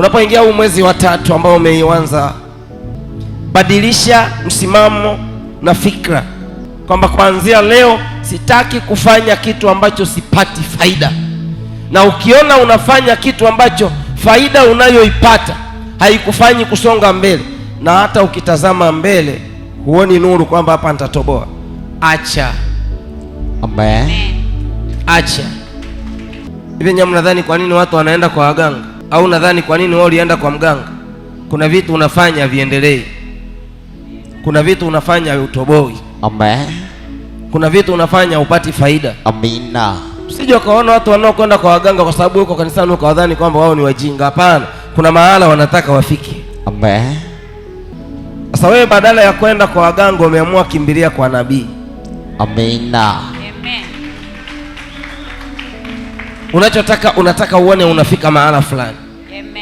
unapoingia huu mwezi wa tatu ambao umeianza, badilisha msimamo na fikra kwamba kuanzia leo sitaki kufanya kitu ambacho sipati faida. Na ukiona unafanya kitu ambacho faida unayoipata haikufanyi kusonga mbele, na hata ukitazama mbele huoni nuru kwamba hapa nitatoboa, acha ambaye acha hivi. nyamnadhani kwa nini watu wanaenda kwa waganga? au nadhani kwa nini wao ulienda kwa mganga? Kuna vitu unafanya viendelee, kuna vitu unafanya utoboi, amen. Kuna vitu unafanya upati faida, amina. Usije ukaona watu wanaokwenda kwa waganga kwa sababu uko kanisani ukawadhani kwamba wao ni wajinga. Hapana, kuna mahala wanataka wafike, amen. Sasa wewe badala ya kwenda kwa waganga umeamua kimbilia kwa nabii, amina. unachotaka unataka uone unafika mahala fulani.